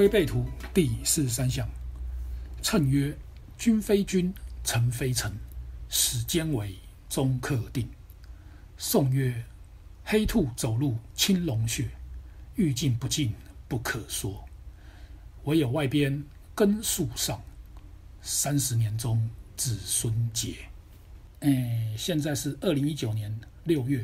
推背圖第四十三象，讖曰：君非君，臣非臣，始兼為終克定。頌曰：黑兔走入青龍穴，欲盡不盡不可說。唯有外邊根樹上，三十年中子孫結。哎、欸，現在是二零一九年六月。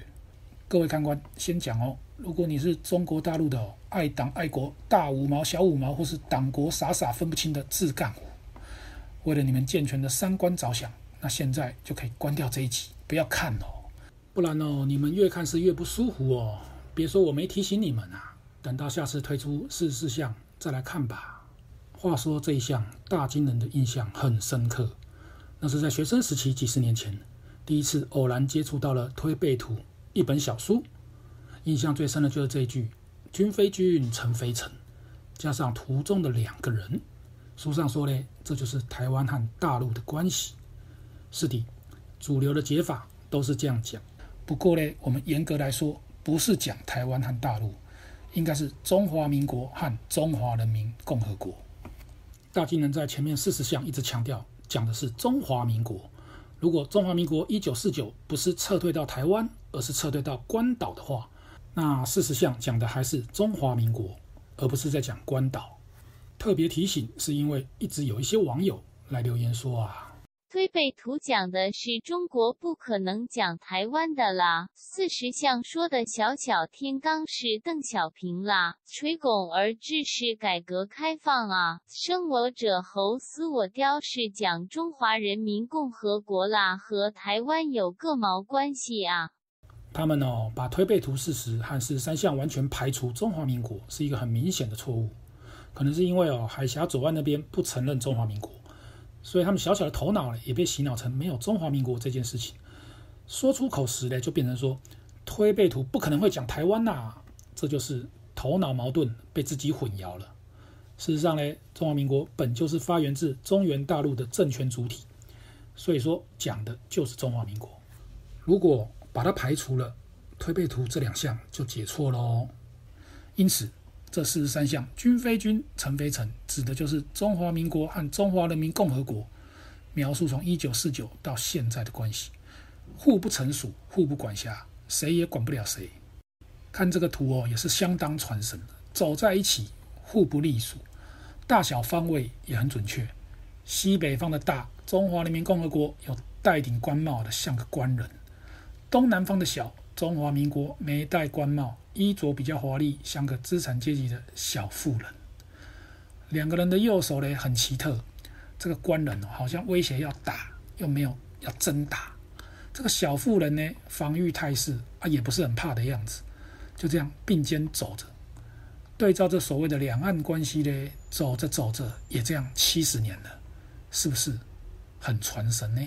各位看官，先講哦。如果你是中國大陸的，哦、愛黨愛國大五毛、小五毛，或是黨國傻傻分不清的自乾五，為了你們健全的三觀着想，那現在就可以關掉這一集，不要看哦。不然哦，你們越看是越不舒服哦。別說我沒提醒你們啊！等到下次推出四十四象再來看吧。話說這一象，大金人的印象很深刻，那是在學生時期幾十年前，第一次偶然接觸到了推背圖。一本小書，印象最深的就是這一句“君非君，臣非臣”，加上圖中的兩個人。書上說呢，這就是台灣和大陸的關係。是的，主流的解法都是這樣講。不過呢，我們嚴格來說不是講台灣和大陸，應該是中華民國和中華人民共和國。大金人在前面四十象一直強調講的是中華民國。如果中華民國一九四九不是撤退到台灣，而是撤退到關島的話，那四十象講的還是中華民國，而不是在講關島。特別提醒，是因為一直有一些網友來留言說啊，推背圖講的是中國，不可能講台灣的啦。四十象說的小小天罡是鄧小平啦，垂拱而治是改革開放啊，生我者猴，死我雕是講中華人民共和國啦，和台灣有個毛關係啊！他們、哦、把推背圖四十和四十三象完全排除，中華民國是一個很明顯的錯誤。可能是因為哦，海峽左岸那邊不承認中華民國，所以他們小小的頭腦呢，也被洗腦成沒有中華民國這件事情。說出口時呢，就變成說推背圖不可能會講台灣吶、啊，這就是頭腦矛盾被自己混淆了。事實上呢，中華民國本就是發源自中原大陸的政權主體，所以說講的就是中華民國。如果把它排除了，推背圖這兩象就解錯嘍。因此，這四十三象君非君，臣非臣，指的就是中華民國和中華人民共和國，描述從一九四九到現在的關係，互不隸屬，互不管轄，誰也管不了誰。看這個圖哦，也是相當傳神，走在一起，互不隸屬，大小方位也很準確。西北方的大中華人民共和國有戴頂官帽的，像個官人。東南方的小中華民國沒戴官帽，衣着比較華麗，像個資產階級的小富人。兩個人的右手呢，很奇特。這個官人好像威脅要打，又沒有要真打。這個小富人呢，防禦態勢啊，也不是很怕的樣子。就這樣並肩走着，對照這所謂的兩岸關係呢，走着走着也這樣，七十年了，是不是很傳神呢？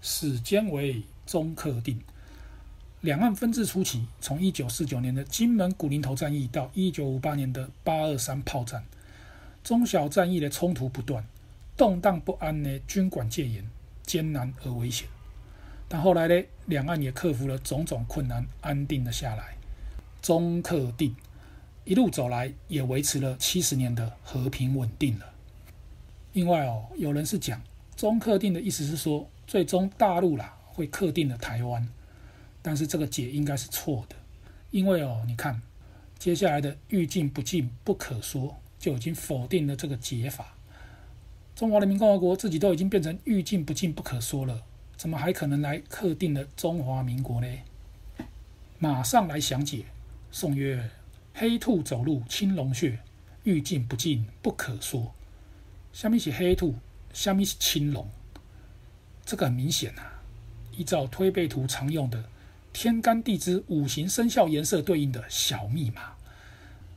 時間為終克定，兩岸分治初期，從一九四九年的金門古寧頭戰役到一九五八年的八二三炮戰，中小戰役的衝突不斷，動盪不安的軍管戒嚴，艱難而危險。但後來呢，兩岸也克服了種種困難，安定了下來。終克定一路走來，也維持了七十年的和平穩定了。另外哦，有人是講終克定的意思是說，最終大陸啦。會克定了台灣，但是這個解應該是錯的，因為哦，你看接下來的“欲盡不盡不可說”就已經否定了這個解法。中華人民共和國自己都已經變成“欲盡不盡不可說了”，怎麼還可能來克定了中華民國呢？馬上來詳解。頌曰：“黑兔走入青龍穴，欲盡不盡不可說。”下面寫黑兔，下面是青龍，這個很明顯啊。依照推背圖常用的天干地支、五行生肖顏色對應的小密碼，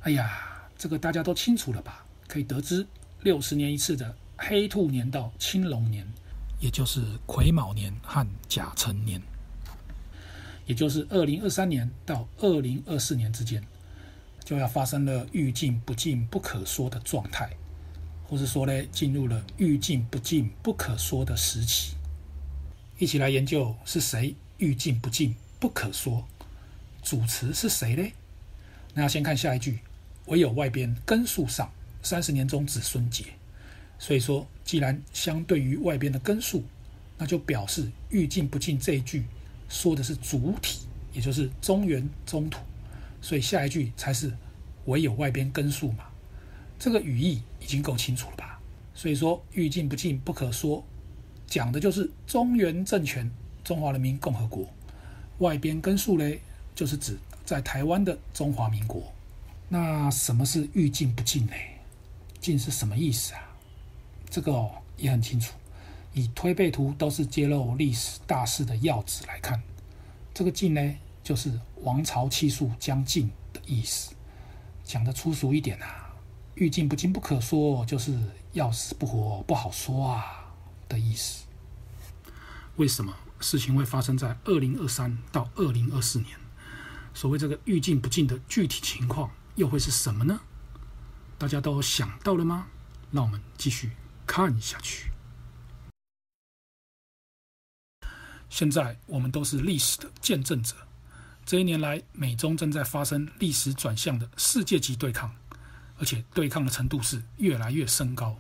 哎呀，這個大家都清楚了吧？可以得知，六十年一次的黑兔年到青龍年，也就是癸卯年和甲辰年，也就是二零二三年到二零二四年之間，就要發生了欲盡不盡、不可說的狀態，或是說嘞進入了欲盡不盡、不可說的時期。一起來研究是誰欲盡不盡不可說，主詞是誰呢？那要先看下一句，唯有外邊根樹上三十年中子孫節。所以說，既然相對於外邊的根樹，那就表示欲盡不盡這一句說的是主體，也就是中原中土。所以下一句才是唯有外邊根樹嘛。這個語義已經夠清楚了吧？所以說欲盡不盡不可說。講的就是中原政權，中華人民共和國，外邊根數呢，就是指在台灣的中華民國。那什麼是欲盡不盡呢？「盡是什麼意思啊？這個、哦、也很清楚。以推背圖都是揭露歷史大勢的要旨來看，這個盡呢，就是王朝氣數將盡的意思。講的粗俗一點啊，欲盡不盡不可說，就是要死不活，不好說啊的意思。為什麼事情會發生在二零二三到二零二四年？所謂這個欲盡不盡的具體情況又會是什麼呢？大家都想到了嗎？讓我們繼續看下去。現在我們都是歷史的見證者。這一年來，美中正在發生歷史轉向的世界級對抗，而且對抗的程度是越來越升高。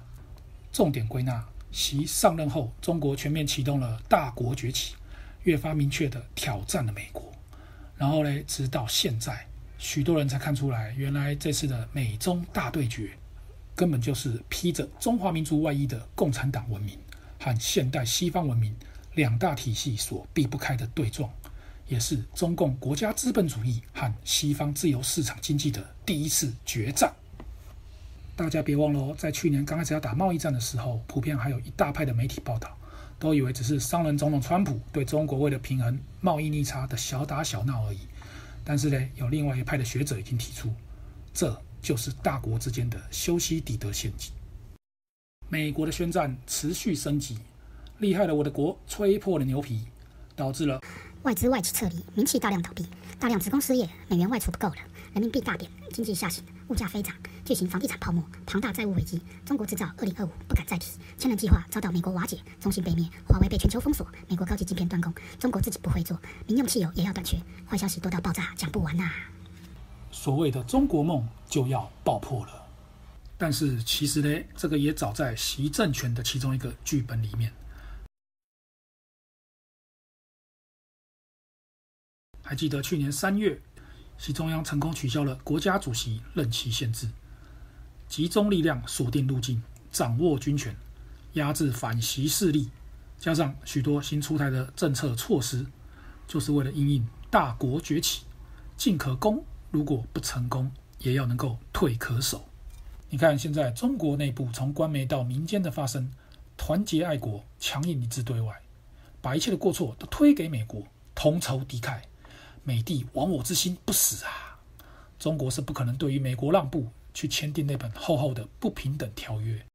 重點歸納。其上任後，中國全面啟動了大國崛起，越發明確地挑戰了美國。然後呢，直到現在，許多人才看出來，原來這次的美中大對決，根本就是披着中華民族外衣的共產黨文明和現代西方文明兩大體系所避不開的對撞，也是中共國家資本主義和西方自由市場經濟的第一次決戰。大家別忘了哦，在去年剛開始要打貿易戰的時候，普遍還有一大派的媒體報道，都以為只是商人總統川普對中國為了平衡貿易逆差的小打小鬧而已。但是呢，有另外一派的學者已經提出，這就是大國之間的修昔底德陷阱。美國的宣戰持續升級，厲害了我的國，吹破了牛皮，導致了外資、外企撤離，民企大量倒閉，大量職工失業，美元外儲不夠了，人民幣大貶，經濟下行。物價飛漲，巨型房地產泡沫，龐大債務危機，中國製造二零二五不敢再提，千人計劃遭到美國瓦解，中興被滅，華為被全球封鎖，美國高級晶片斷供，中國自己不會做，民用汽油也要短缺，壞消息多到爆炸，講不完吶啊。所謂的中國夢就要爆破了，但是其實呢，這個也早在習政權的其中一個劇本裡面。還記得去年三月？習中央成功取消了國家主席任期限制，集中力量鎖定路徑，掌握軍權，壓制反習勢力，加上許多新出台的政策措施，就是為了因應大國崛起，進可攻，如果不成功，也要能夠退可守。你看，現在中國內部從官媒到民間的發聲，團結愛國，強硬一致對外，把一切的過錯都推給美國，同仇敵愾。美帝亡我之心不死啊！中國是不可能對於美國讓步去簽訂那本厚厚的不平等條約，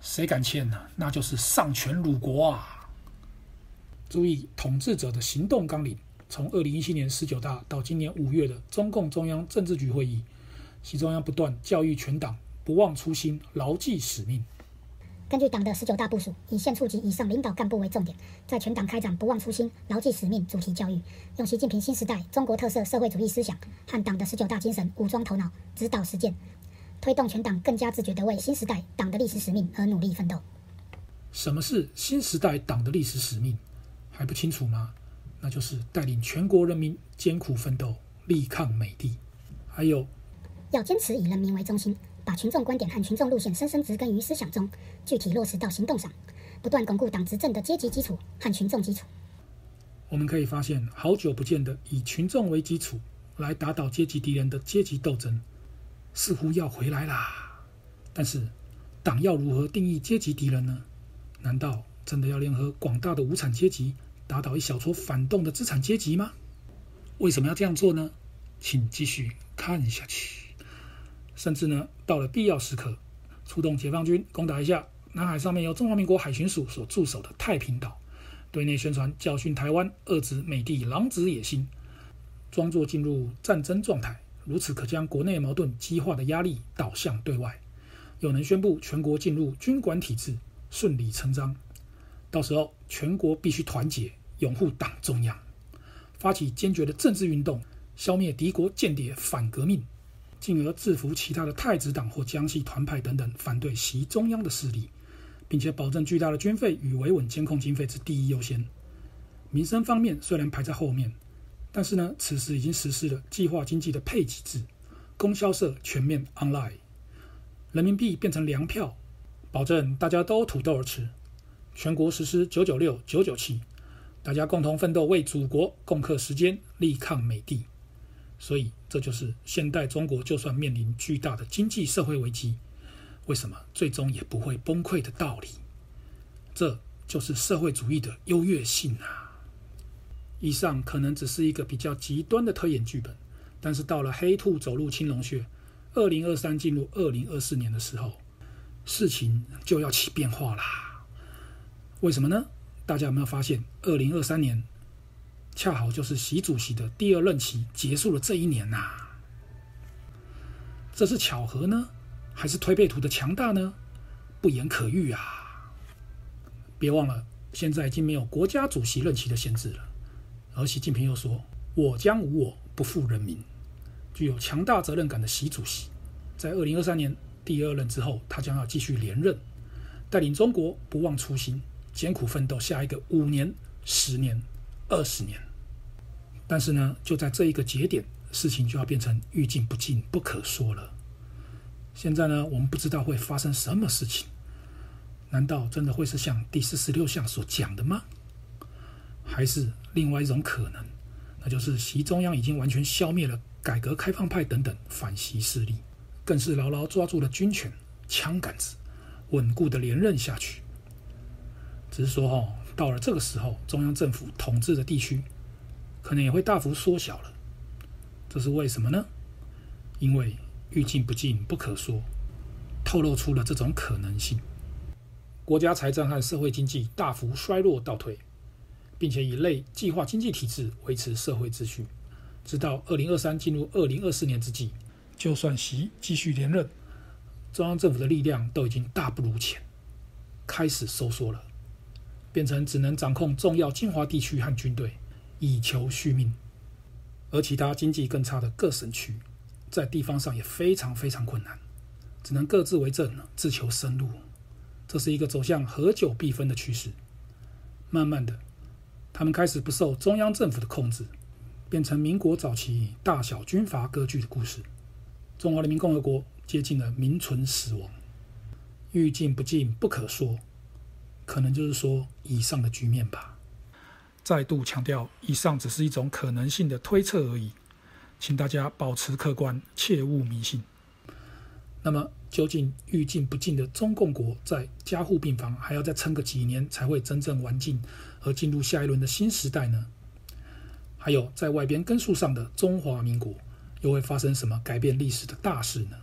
誰敢簽呢？那就是喪權辱國啊！注意統治者的行動綱領，從二零一七年十九大到今年五月的中共中央政治局會議，黨中央不斷教育全黨不忘初心，牢記使命。根據黨的十九大部署，以縣處級以上領導幹部為重點，在全黨開展“不忘初心、牢記使命”主題教育，用習近平新時代中國特色社會主義思想和黨的十九大精神武裝頭腦、指導實踐，推動全黨更加自覺地為新時代黨的歷史使命而努力奮鬥。什麼是新時代黨的歷史使命？還不清楚嗎？那就是帶領全國人民艱苦奮鬥，力抗美帝。還有，要堅持以人民為中心。把群眾觀點和群眾路線深深植根於思想中，具體落實到行動上，不斷鞏固黨執政的階級基礎和群眾基礎。我們可以發現，好久不見的以群眾為基礎來打倒階級敵人的階級鬥爭，似乎要回來啦。但是，黨要如何定義階級敵人呢？難道真的要聯合廣大的無產階級，打倒一小撮反動的資產階級嗎？為什麼要這樣做呢？請繼續看下去。甚至呢，到了必要時刻，出動解放軍攻打一下南海上面由中華民國海巡署所駐守的太平島，對內宣傳教訓台灣，遏制美帝狼子野心，裝作進入戰爭狀態，如此可將國內矛盾激化的壓力導向對外。有人宣布全國進入軍管體制，順理成章。到時候全國必須團結，擁護黨中央，發起堅決的政治運動，消滅敵國間諜反革命。進而制服其他的太子黨或江系團派等等反對習中央的勢力，並且保證巨大的軍費與維穩監控經費之第一優先。民生方面雖然排在後面，但是呢，此時已經實施了計劃經濟的配給制，供銷社全面 online，人民幣變成糧票，保證大家都土豆兒吃。全國實施九九六九九七，大家共同奮鬥，為祖國共克時艱，力抗美帝。所以。這就是現代中國就算面臨巨大的經濟社會危機，為什麼最終也不會崩潰的道理。這就是社會主義的優越性啊！以上可能只是一個比較極端的推演劇本，但是到了黑兔走入青龍穴，二零二三進入二零二四年的時候，事情就要起變化啦。為什麼呢？大家有沒有發現，二零二三年？恰好就是習主席的第二任期結束了這一年吶、啊，這是巧合呢，還是推背圖的強大呢？不言可喻啊！別忘了，現在已經沒有國家主席任期的限制了。而習近平又說：“我將無我，不負人民。”具有強大責任感的習主席，在二零二三年第二任之後，他將要繼續連任，帶領中國不忘初心，艱苦奮鬥，下一個五年、十年。二十年，但是呢，就在這一個節點，事情就要變成欲盡不盡，不可說了。現在呢，我們不知道會發生什麼事情。難道真的會是像第四十六象所講的嗎？還是另外一種可能，那就是習中央已經完全消滅了改革開放派等等反習勢力，更是牢牢抓住了軍權、槍桿子，穩固的連任下去。只是說哈、哦。到了這個時候，中央政府統治的地區可能也會大幅縮小了。這是為什麼呢？因為欲盡不盡不可說，透露出了這種可能性。國家財政和社會經濟大幅衰落倒退，並且以類計劃經濟體制維持社會秩序，直到二零二三進入二零二四年之際，就算習繼續連任，中央政府的力量都已經大不如前，開始收縮了。變成只能掌控重要精華地區和軍隊，以求續命；而其他經濟更差的各省區，在地方上也非常非常困難，只能各自為政，自求生路。這是一個走向合久必分的趨勢。慢慢的，他們開始不受中央政府的控制，變成民國早期大小軍閥割據的故事。中華人民共和國接近了名存實亡，欲盡不盡，不可說。可能就是說以上的局面吧。再度強調，以上只是一種可能性的推測而已，請大家保持客觀，切勿迷信。那麼，究竟欲盡不盡的中共國在加護病房還要再撐個幾年才會真正完盡，而進入下一輪的新時代呢？還有，在外邊根樹上的中華民國又會發生什麼改變歷史的大事呢？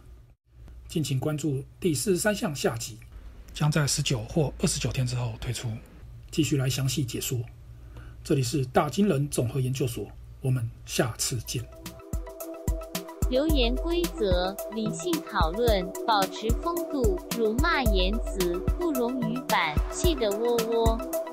敬請關注第四十三象下集。將在十九或二十九天之後推出，繼續來詳細解說。這裡是大金人綜合研究所，我們下次見。留言規則：理性討論，保持風度，辱罵言辭不容於版，系得窩窩。